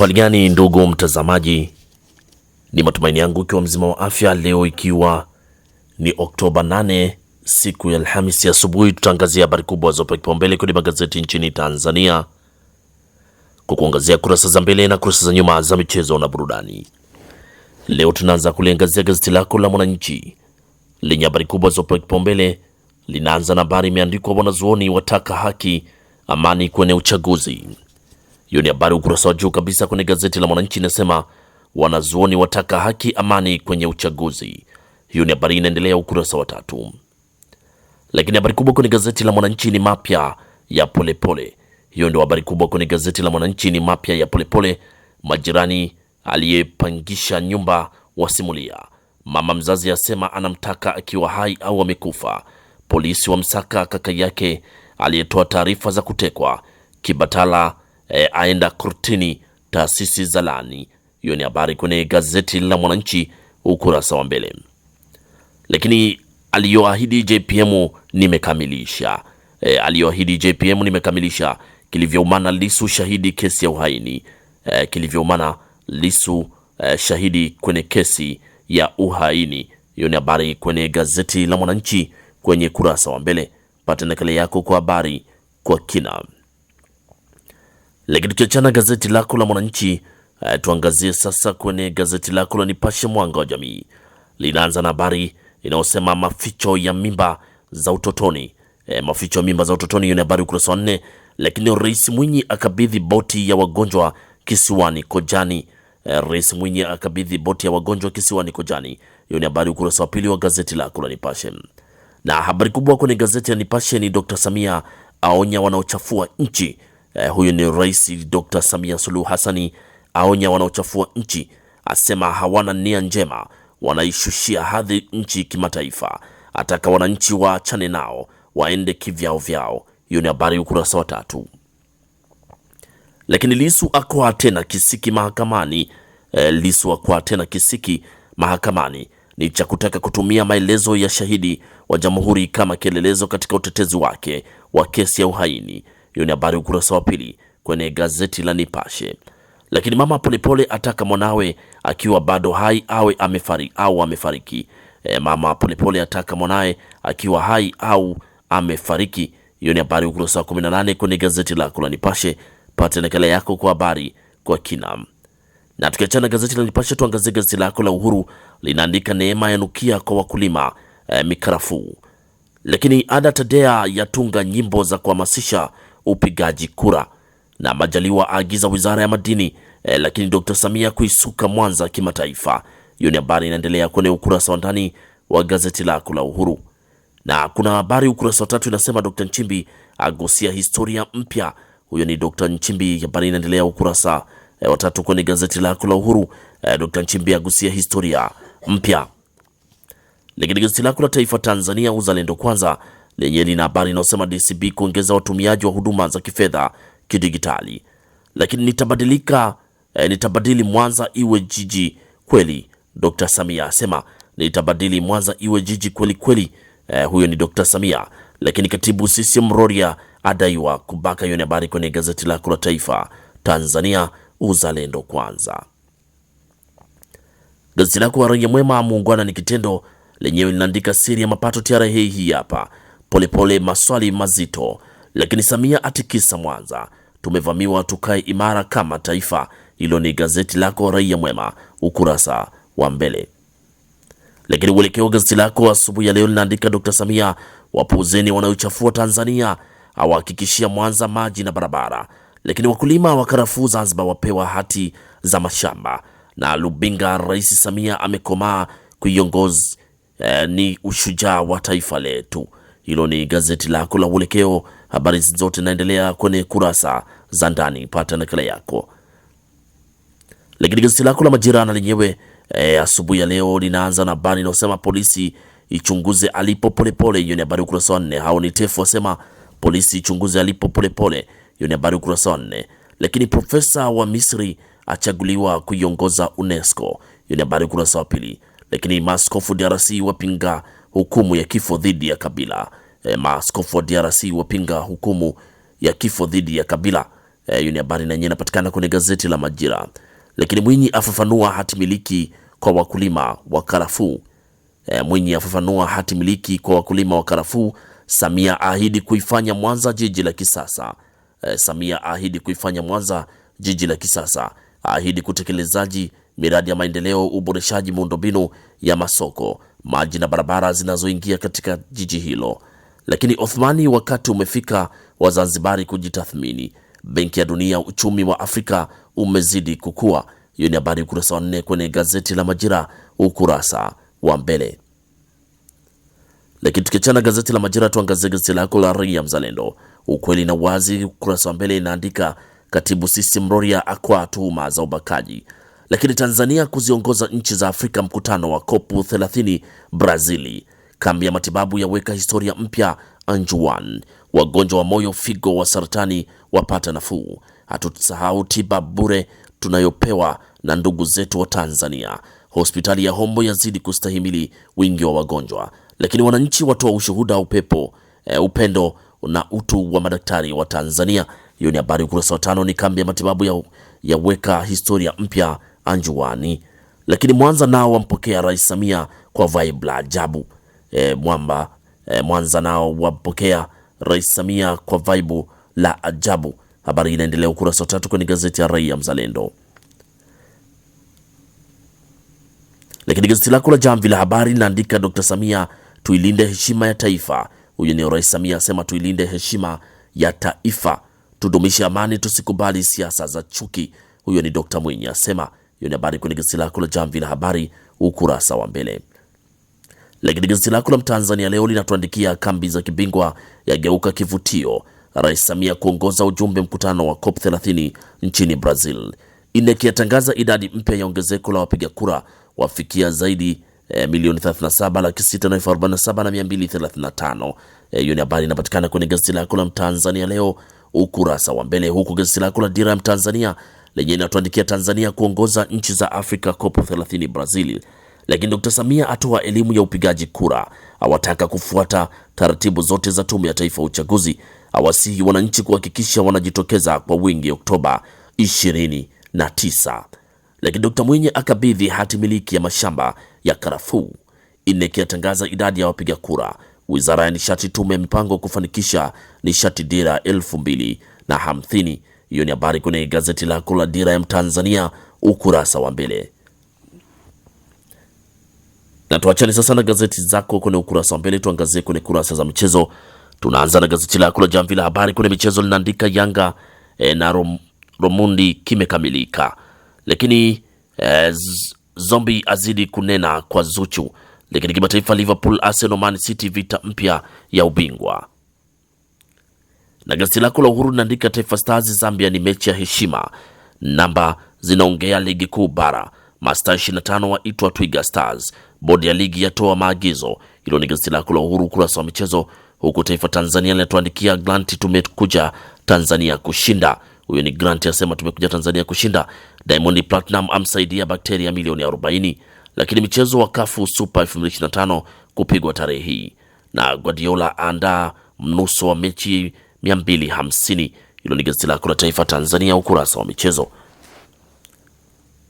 Hali gani ndugu mtazamaji, ni matumaini yangu ikiwa mzima wa afya leo, ikiwa ni Oktoba 8 siku ya Alhamisi asubuhi, tutaangazia habari kubwa zopewa kipaumbele kwenye magazeti nchini Tanzania, kwa kuangazia kurasa za mbele na kurasa za nyuma za michezo na burudani. Leo tunaanza kuliangazia gazeti lako la Mwananchi lenye habari kubwa zopewa kipaumbele. Linaanza na habari imeandikwa, wanazuoni wataka haki, amani kwenye uchaguzi hiyo ni habari ukurasa wa juu kabisa kwenye gazeti la Mwananchi inasema wanazuoni wataka haki, amani kwenye uchaguzi. Hiyo ni habari inaendelea ukurasa wa tatu, lakini habari kubwa kwenye gazeti la Mwananchi ni mapya ya Polepole. Hiyo ndio habari kubwa kwenye gazeti la Mwananchi ni mapya ya Polepole. Majirani aliyepangisha nyumba wasimulia, mama mzazi asema anamtaka akiwa hai au amekufa. Polisi wamsaka kaka yake aliyetoa taarifa za kutekwa. Kibatala e, aenda kortini taasisi za laani. Hiyo ni habari kwenye gazeti la Mwananchi ukurasa wa mbele. Lakini aliyoahidi JPM nimekamilisha, e, aliyoahidi JPM nimekamilisha. Kilivyoumana Lisu shahidi kesi ya uhaini, e, kilivyoumana Lisu e, shahidi kwenye kesi ya uhaini. Hiyo ni habari kwenye gazeti la Mwananchi kwenye kurasa wa mbele. Pata nakala yako kwa habari kwa kina. Lakini tukiachana gazeti lako la Mwananchi, eh, tuangazie sasa kwenye gazeti lako la Nipashe Mwanga wa Jamii. Linaanza na habari inayosema maficho ya mimba za utotoni. E, maficho ya mimba za utotoni, hiyo ni habari ukurasa wa nne. Lakini Rais Mwinyi akabidhi boti ya wagonjwa kisiwani Kojani. E, Rais Mwinyi akabidhi boti ya wagonjwa kisiwani Kojani, hiyo ni habari ukurasa wa pili wa gazeti lako la Nipashe. Na habari kubwa kwenye gazeti la Nipashe ni Dr. Samia aonya wanaochafua nchi Eh, huyu ni Rais Dr. Samia Suluhu Hassani aonya wanaochafua nchi, asema hawana nia njema, wanaishushia hadhi nchi kimataifa, ataka wananchi waachane nao waende kivyao vyao. Hiyo ni habari ukurasa wa tatu. Lakini Lisu akoa tena kisiki mahakamani. Eh, Lisu akoa tena kisiki mahakamani ni cha kutaka kutumia maelezo ya shahidi wa jamhuri kama kielelezo katika utetezi wake wa kesi ya uhaini. Hiyo ni habari ukurasa wa pili kwenye gazeti la Nipashe. Lakini mama Polepole ataka mwanawe akiwa bado hai awe amefari, au amefariki. E, mama Polepole ataka mwanawe akiwa hai au amefariki. Hiyo ni habari ukurasa wa 18 kwenye gazeti lako la Nipashe. Pata nakala yako kwa habari kwa kina. Na tukiachana gazeti la Nipashe, tuangazie gazeti lako la Uhuru linaandika neema ya nukia kwa wakulima e, mikarafuu. Lakini Ada Tadea yatunga nyimbo za kuhamasisha upigaji kura. Na Majaliwa aagiza wizara ya madini e, lakini Dr. Samia kuisuka Mwanza kimataifa. Hiyo ni habari inaendelea kwenye ukurasa wa ndani wa gazeti lako la Uhuru, na kuna habari ukurasa wa tatu inasema Dr. Nchimbi agusia historia mpya. Huyo ni Dr. Nchimbi, habari inaendelea ukurasa e, wa tatu kwenye gazeti lako la Uhuru. e, eh, Dr. Nchimbi agusia historia mpya. Lakini gazeti lako la Taifa Tanzania Uzalendo Kwanza lenye lina habari inayosema DCB kuongeza watumiaji wa huduma za kifedha kidigitali. Lakini nitabadilika eh, nitabadili Mwanza iwe jiji kweli, Dr. Samia asema nitabadili Mwanza iwe jiji kweli kweli. Eh, huyo ni Dr. Samia. Lakini katibu CCM Rorya adaiwa kubaka. Hiyo ni habari kwenye gazeti lako la Taifa Tanzania Uzalendo Kwanza. Gazeti lako wa Rangi Mwema, muungwana ni kitendo, lenyewe linaandika siri ya mapato TRA hii hapa Polepole maswali mazito, lakini Samia atikisa Mwanza. Tumevamiwa, tukae imara kama taifa. Hilo ni gazeti lako Raia Mwema ukurasa wa mbele. Lakini uelekeo gazeti lako asubuhi ya leo linaandika Dr. Samia, wapuuzeni wanayochafua Tanzania, awahakikishia Mwanza maji na barabara. Lakini wakulima wa karafuu Zanzibar wapewa hati za mashamba na Lubinga, Rais Samia amekomaa kuiongoza eh, ni ushujaa wa taifa letu. Hilo ni gazeti lako la Uelekeo. Habari zote naendelea kwenye kurasa za ndani, pata nakala yako. Lakini gazeti lako la Majira na lenyewe e, asubuhi ya leo linaanza na habari inayosema polisi ichunguze alipo Polepole. Hiyo ni habari ukurasa wa nne. Hao ni tefu wasema polisi ichunguze alipo Polepole. Hiyo ni habari ukurasa wa nne. Lakini profesa wa Misri achaguliwa kuiongoza UNESCO. Hiyo ni habari ukurasa wa pili. Lakini maskofu DRC wapinga hukumu ya kifo dhidi ya Kabila. E, maaskofu wa DRC wapinga hukumu ya kifo dhidi ya Kabila. Eh, hiyo e, ni habari yenyewe inapatikana kwenye gazeti la Majira. Lakini Mwinyi afafanua hati miliki kwa wakulima wa karafuu. E, Mwinyi afafanua hati miliki kwa wakulima wa karafuu. Samia ahidi kuifanya Mwanza jiji la kisasa. E, Samia ahidi kuifanya Mwanza jiji la kisasa, ahidi kutekelezaji miradi ya maendeleo, uboreshaji miundombinu ya masoko, maji na barabara zinazoingia katika jiji hilo. Lakini Othmani, wakati umefika wa Zanzibari kujitathmini. Benki ya Dunia, uchumi wa Afrika umezidi kukua. Hiyo ni habari ukurasa wa nne kwenye gazeti la Majira ukurasa wa mbele. Lakini tukiachana gazeti la Majira, tuangazie gazeti lako la Raia Mzalendo, ukweli na wazi, ukurasa wa mbele inaandika katibu Sisi Mroria akwa tuhuma za ubakaji lakini Tanzania kuziongoza nchi za Afrika mkutano wa COP 30 Brazili. Kambi ya matibabu yaweka historia mpya Anjuan. Wagonjwa wa moyo, figo, wa saratani wapata nafuu. Hatusahau tiba bure tunayopewa na ndugu zetu wa Tanzania. Hospitali ya Hombo yazidi kustahimili wingi wa wagonjwa, lakini wananchi watoa ushuhuda upepo e, upendo na utu wa madaktari wa Tanzania. Hiyo ni habari ukurasa wa tano. Ni kambi ya matibabu ya ya historia mpya anjuani, lakini Mwanza nao wampokea Rais Samia kwa vibe la ajabu. E, mwamba e, Mwanza nao wampokea Rais Samia kwa vibe la ajabu. Habari inaendelea ukurasa wa tatu kwenye gazeti ya Raia Mzalendo. Lakini gazeti lako la Jamvi la Habari linaandika Dr. Samia, tuilinde heshima ya taifa. Huyu ni Rais Samia asema tuilinde heshima ya taifa, tudumishe amani, tusikubali siasa za chuki. Huyo ni Dr. Mwinyi asema hiyo ni habari kwenye gazeti lako la Jamvi la Habari ukurasa wa mbele. Lakini gazeti lako la Mtanzania leo linatuandikia kambi za kibingwa yageuka kivutio, Rais Samia kuongoza ujumbe mkutano wa COP 30 nchini Brazil. INEC yatangaza idadi mpya ya ongezeko la wapiga kura wafikia zaidi E, milioni 37 laki 647 na 235. Eh, hiyo ni habari inapatikana kwenye gazeti lako la Mtanzania leo ukurasa wa mbele, huku gazeti lako la Dira ya Mtanzania lenye inatuandikia Tanzania kuongoza nchi za Afrika kopo 30 Brazil, lakini Dr. Samia atoa elimu ya upigaji kura, awataka kufuata taratibu zote za Tume ya Taifa ya Uchaguzi, awasihi wananchi kuhakikisha wanajitokeza kwa wingi Oktoba 29. Lakini Dr. Mwinyi akabidhi hati miliki ya mashamba ya karafuu. INEC yatangaza idadi ya wapiga kura. Wizara ya Nishati, Tume ya Mipango kufanikisha nishati dira 2050 hiyo ni habari kwenye gazeti lako la Dira ya Mtanzania ukurasa wa mbele. Na tuachane sasa na gazeti zako kwenye ukurasa wa mbele, tuangazie kwenye kurasa za michezo. Tunaanza na gazeti lako la Jamvi la Habari kwenye michezo linaandika Yanga e, na rom, Romundi kimekamilika, lakini e, zombi azidi kunena kwa Zuchu, lakini kimataifa Liverpool, Arsenal, Man City, vita mpya ya ubingwa na gazeti lako la Uhuru linaandika Taifa Stars Zambia ni mechi ya heshima, namba zinaongea ligi kuu bara, masta 25 waitwa Twiga Stars, bodi ya ligi yatoa maagizo. Hilo ni gazeti lako la Uhuru ukurasa wa michezo, huku Taifa Tanzania linatuandikia Grant, tumekuja Tanzania kushinda. Huyo ni Grant asema tumekuja Tanzania kushinda. Diamond Platinum amsaidia bakteria milioni 40. Lakini michezo wa Kafu Super 2025 kupigwa tarehe hii, na Guardiola andaa mnuso wa mechi 250. Hilo ni gazeti lako la Taifa Tanzania ukurasa wa michezo,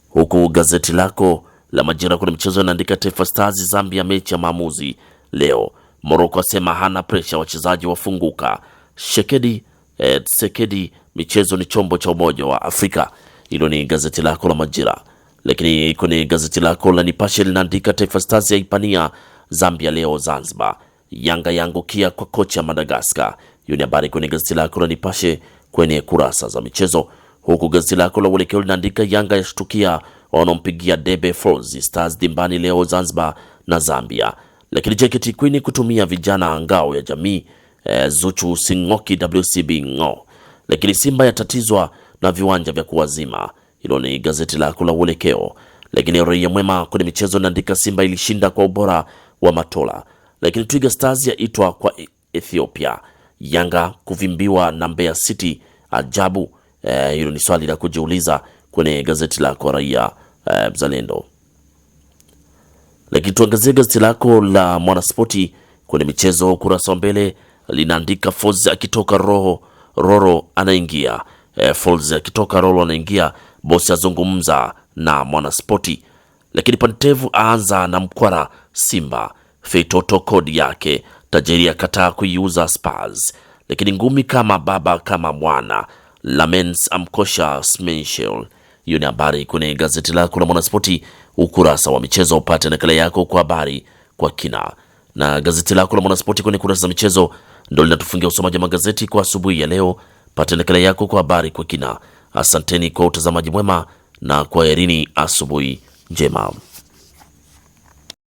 huku gazeti lako la Majira kuna michezo inaandika Taifa Stars Zambia, mechi ya maamuzi leo. Moroko asema hana presha, wachezaji wafunguka. Shekedi eh, Sekedi, michezo ni chombo cha umoja wa Afrika. Hilo ni gazeti lako la Majira, lakini kwenye gazeti lako la Nipashe linaandika Taifa Stars ya ipania Zambia leo Zanzibar. Yanga yangukia kwa kocha Madagaskar. Hiyo ni habari kwenye gazeti lako la Nipashe kwenye kurasa za michezo, huku gazeti lako la Uelekeo linaandika Yanga yashtukia wanaompigia debe Falls Stars dimbani leo Zanzibar na Zambia, lakini JKT Queen kutumia vijana ngao ya jamii e, Zuchu Singoki WCB ngo, lakini Simba yatatizwa na viwanja vya kuwazima. Hilo ni gazeti lako la Uelekeo. Lakini Raia Mwema kwenye michezo inaandika Simba ilishinda kwa ubora wa Matola, lakini Twiga Stars yaitwa kwa e-, Ethiopia Yanga kuvimbiwa na Mbeya City ajabu. Eh, hilo eh, ni swali la kujiuliza kwenye gazeti lako Raia eh, Mzalendo. Lakini tuangazie gazeti lako la Mwanaspoti kwenye michezo, ukurasa wa mbele linaandika Folz akitoka roho Roro anaingia. E, Folz akitoka Roro anaingia, bosi azungumza na Mwanaspoti. Lakini Pantevu aanza na mkwara Simba, fetoto kodi yake Tajiri akataa kuiuza Spurs, lakini ngumi kama baba kama mwana. Lamens amkosha Smenshel. Hiyo ni habari kwenye gazeti lako la Mwanaspoti ukurasa wa michezo. Upate nakala yako kwa habari kwa kina, na gazeti lako la Mwanaspoti kwenye kurasa za michezo ndo linatufungia usomaji wa magazeti kwa asubuhi ya leo. Pate nakala yako kwa habari kwa kina. Asanteni kwa utazamaji mwema na kwaherini, asubuhi njema.